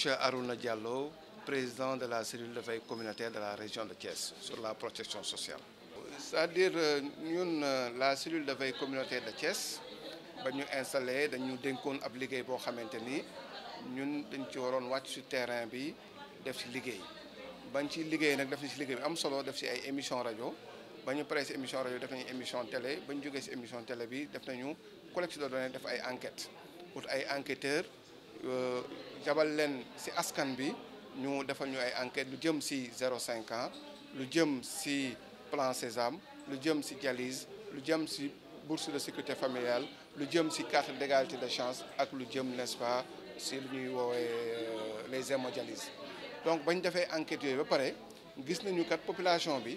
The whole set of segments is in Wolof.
Cheikh Arouna Diallo, président de la cellule de veille communautaire de la région de Thiès sur la protection sociale. C'est-à-dire euh, ñun euh, la cellule de veille communautaire de Thiès ba ñu installé dañu dénkoon ab liggéey boo xamante ni ñun dañ ci waroon wàcc su terrain bi def ci liggéey bañ ci liggéey nag def ci liggéey bi am solo def ci ay émission rajo ba ñu paree ci émission rajo def nañu émission télé ba ñu jógee ci émission télé bi def nañu collecte de données def ay enquêtes pour ay enquêteurs. Euh, jabal leen ci askan bi ñu defal ñu ay enquête lu jëm ci zéro cinq ans lu jëm ci plan Sésame lu jëm ci dialyse lu jëm ci bourse de sécurité familiale lu jëm ci carte d'égalité de chance ak lu jëm n'est-ce pas ci lu ñuy woowee euh, les hémodialyses donc bañ defee enquête yooyu ba pare gis nañu kat population bi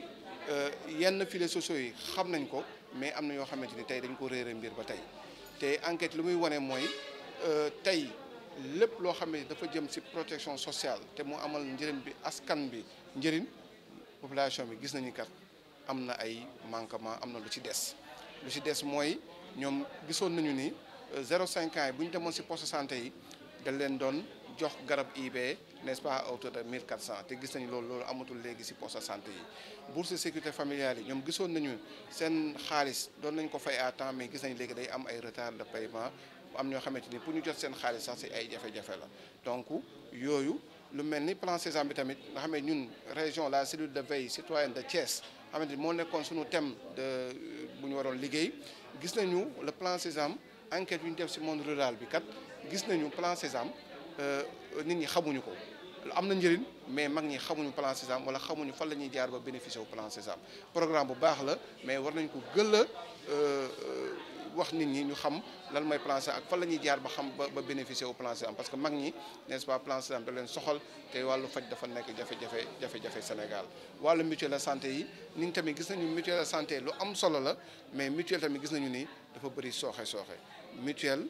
euh, yenn file sociaux yi xam nañ ko mais am na yoo xamante ni tey dañ ko réere mbir ba tey te enquête lu muy wane mooy tey lépp loo xam ne dafa jëm ci protection sociale te mu amal njëriñ bi askan bi njëriñ population bi gis nañu kat am na ay manquement am na lu ci des lu ci des mooy ñoom gisoon nañu ni 0,5 euh, ans yi bu demoon ci poste santé yi dañ leen doon jox garab IB n'est-ce pas à hauteur de 1400 te gis nañu loolu loolu amatul léegi ci poste santé yi buur bourse sécurité familiale yi ñoom gisoon nañu seen xaalis doon nañ ko fay à temps mais gis nañ léegi day am ay retard de paiement am ñoo xamante ni pour ñu jot seen xaalis sax si ay jafe-jafe la donc yooyu lu mel ni plan Sésame bi tamit nga xam ne ñun région la cellule de veille citoyenne de Thiès xamante ni moo nekkoon suñu thème de bu ñu waroon liggéey gis nañu le plan Sésame enquête yu ñu def si monde rural bi kat gis nañu plan Sésame euh, nit ñi xamuñu ko am na njëriñ mais mag ñi xamuñu plan Sésame wala xamuñu fan la ñuy jaar ba bénéficier wu plan Sésame programme bu baax la mais war nañ ko gën a euh, euh, wax nit ñi ñu xam lan mooy plan ak fan la ñuy jaar ba xam ba ba bénéficier wu plan am parce que mag ñi n'est-ce pas plan SEDAM leen soxal te wàllu faj dafa nekk jafe-jafe jafe-jafe Sénégal wàllu mutuelle santé yi ñun tamit gis nañu mutuelle santé lu am solo la mais mutuel tamit gis nañu ni dafa bëri sooxe sooxe mutuelle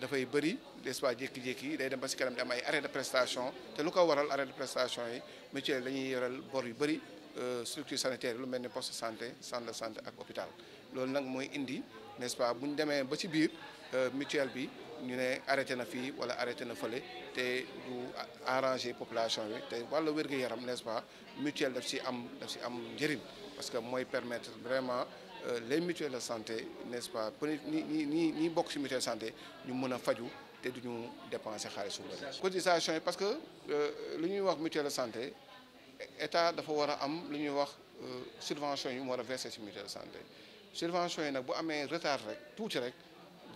dafay bëri n'est-ce pas jékki-jékki day dem ba si kanam di am ay arrêt de prestation te lu ko waral arrêt de prestation yi mutuelle dañuy yoral bor yu bëri Euh, structure sanitaire lu mel ni poste santé centre de santé ak hôpital loolu nag mooy indi n'est-ce pas bu ñu demee ba ci biir euh, mutuelle bi ñu ne arrêté na fii wala arrêté na fële te du arranger population bi te wàllu wér-gu-yaram n'est-ce pas mutuelle daf ci am daf ci am njëriñ parce que mooy permettre vraiment euh, les mutuel de santé n'est-ce pas ñi ñi ñi ñi bokk ci mutuelle santé ñu mën a faju te du ñu dépenser xaalis su cotisation yi parce que lu ñuy wax mutuelle de santé état dafa war a am lu ñuy wax euh, subvention yu mu war a verser ci mutuelle santé subvention yi nag bu amee retard rek tuuti rek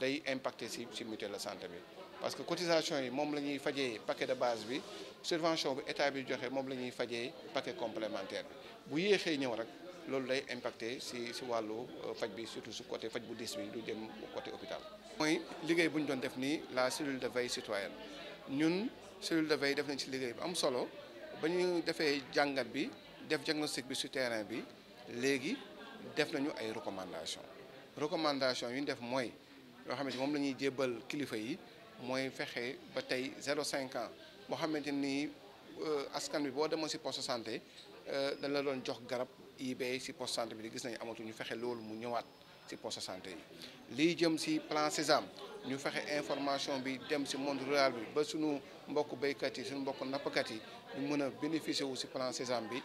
day impacter ci ci mutuelle santé bi parce que cotisation yi moom la ñuy fajee paquet de base bi subvention bu état bi joxe moom la ñuy fajee paquet complémentaire bi bu yéexee ñëw rek loolu day impacter ci ci wàllu euh, faj bi surtout su côté faj bu diis bi du jëm côté hôpital. mooy liggéey bu ñu doon def nii la cellule de veille citoyenne ñun cellule de veille def nañ ci liggéey bu am solo. ba ñu defee jàngat bi def diagnostic bi su terrain bi léegi def nañu ay recommandation recommandation yu ñu def mooy yoo xamante moom lañuy jébbal kilifa yi mooy fexe ba tey 0,5 ans boo xamante ni euh, askan bi boo demoon si poste santé euh, dañ la doon jox garab yi bay si santé bi di gis nañu amatuñu fexe loolu mu ñëwaat. si poste santé yi jëm si plan Sésame ñu fexe information bi dem si monde rural bi ba suñu mbokk béykat yi suñu mbokk nappkat yi ñu mën a bénéficier wu si plan Sésame bi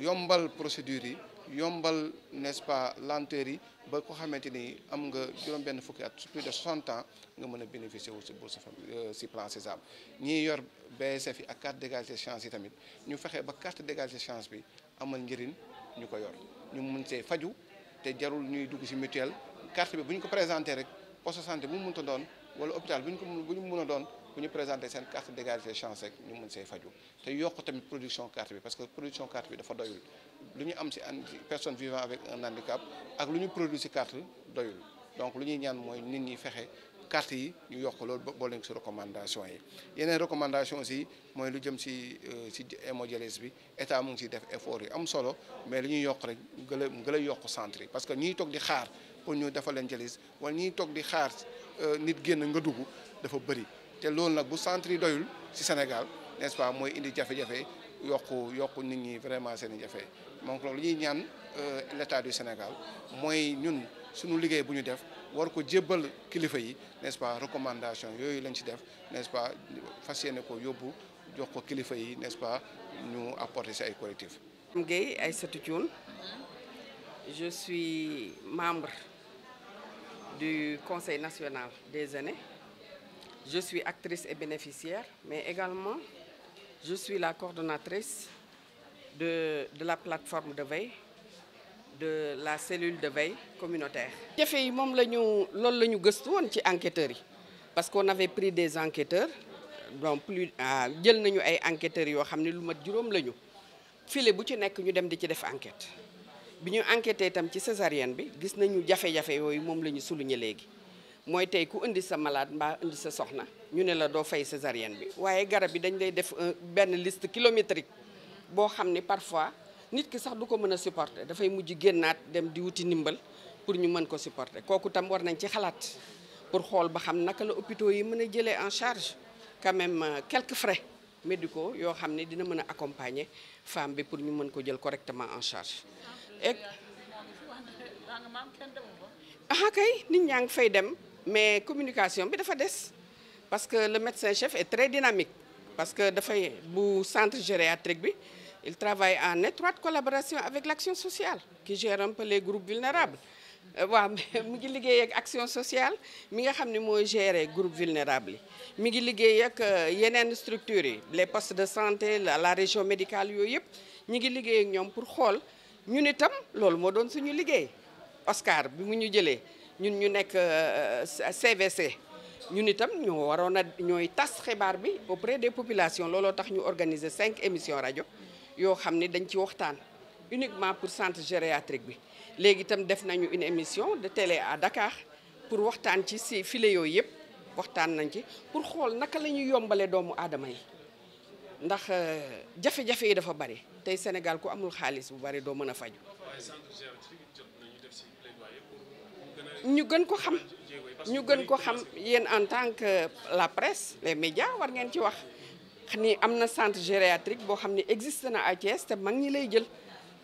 yombal procédure yi yombal n'est-ce pas lenteur yi ba ko xamante ni am nga juróom-benn fukki at plus de 60 ans nga mën a bénéficier wu si bourse si euh, plan Sésame ñiy yor BSF yi ak carte d'égalité chance yi tamit ñu fexe ba carte d'égalité chance bi amal njëriñ ñu ko yor ñu mun see faju te jarul ñuy dugg si mutuel carte bi bu ñu ko présenté rek poste santé bu mu mënta doon wala hôpital bu ñu ko bu mën a doon bu ñu présenté seen carte d'égalité chance rek ñu mën see faju te yokk tamit production carte bi parce que production carte bi dafa doyul lu ñu am si personne vivant avec un handicap ak lu ñu produit si carte doyul donc lu ñuy ñaan mooy nit ñi fexe carte yi ñu yokk loolu boo leen si recommandation yi yeneen recommandation si mooy lu jëm si si euh, hémodialyse bi état mu ngi siy def effort yi am solo mais lu ñuy yokk rek mu gën yokk centre parce que ñiy toog di xaar pour ñu defal leen dialyse wala ñiy toog di xaar euh, nit génn nga dugg dafa bëri te loolu nag bu centre doyul si Sénégal nest pas mooy indi jafe-jafe yokk nit ñi vraiment seen jafe donc loolu li ñuy ñaan euh, l'état du Sénégal mooy ñun suñu liggéey bu ñu def war ko jébbal kilifa yi n'est-ce pas recommandation yooyu lañ ci def n'est-ce pas fas yéene ko yóbbu jox ko kilifa yi n'est-ce pas ñu apporter ci ay collectif Gueye ay Thioune je suis membre du Conseil national des aînés je suis actrice et bénéficiaire mais également je suis la coordonnatrice de de la plateforme de veille de la cellule de veille communautaire. jafe yi moom la ñu loolu la ñu gëstu woon ci enquêteurs yi parce que avait pris des enquêteurs donc plus ah, jël nañu ay enquêteurs yoo xam ne lu mat juróom la ñu file bu ci nekk ñu dem di ci def enquête bi ñu enquêté itam ci césarienne bi gis nañu jafe-jafe yooyu moom la ñu souligné léegi mooy tey ku indi sa malade mbaa indi sa soxna ñu ne la doo fay césarienne bi waaye garab bi dañ lay def euh, benn liste kilométrique boo xam ne parfois. nit ki sax du ko mën a supporter dafay mujj génnaat dem di wuti ndimbal pour ñu mën ko supporter kooku tam war nañ ci xalaat pour xool ba xam naka la hôpitaux yi mën a jëlee en charge quand quelque euh, quelques frais médicaux yoo xam ne dina mën a accompagner femme bi pour ñu mën ko jël correctement en charge. et ah kay nit ñaa ngi fay dem mais communication bi dafa des parce que le médecin chef est très dynamique parce que dafay bu centre gériatrique bi. Il travaille en étroite collaboration avec l'action sociale, qui gère un peu groupe groupes vulnérables. Euh, waaw mi ngi liggéey ak action sociale mi nga xam ne mooy gérer groupe vulnérable yi mi ngi liggéey ak euh, yeneen structures yi les postes de santé la région médicale yooyu yëpp ñi ngi liggéey ak ñoom pour xool ñun itam loolu moo doon suñu liggéey Oscar bi mu ñu jëlee ñun ñu nekk CVC euh, ñun itam ñu waroon a ñooy tas xibaar bi auprès des populations looloo tax ñu organiser cinq émissions rajo yoo xam ni dañ ci waxtaan uniquement pour centre gériatrique bi léegi itam def nañu une émission de télé à Dakar pour waxtaan ci si file yooyu yëpp waxtaan nañ ci pour xool naka la ñuy yombale doomu aadama yi ndax euh, jafe-jafe yi dafa bari tey Sénégal ku amul xaalis bu bari doo mën a faju ñu gën ko xam ñu gën ko xam yéen en tant que la presse les médias war ngeen ci wax wax ni am na centre gériatrique boo xam ne existe na à Thiès te mag ñi lay jël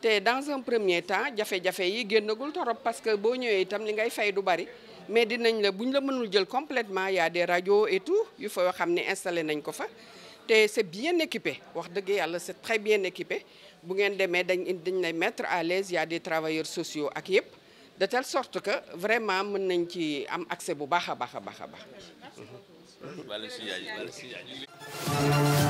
te dans un premier temps jafe-jafe yi génnagul torop parce que boo ñëwee itam li ngay fay du bari mais dinañ la buñ la mënul jël completement y a des radios et tout yu fa yoo xam ne installé nañ ko fa te c'est bien équipé wax dëgg yàlla c'est très bien équipé bu ngeen demee dañ dañ lay mettre à l'aise y a des travailleurs sociaux ak yëpp de telle sorte que vraiment mën nañ ci am accès bu baax a baax a baax a baax. Thank you.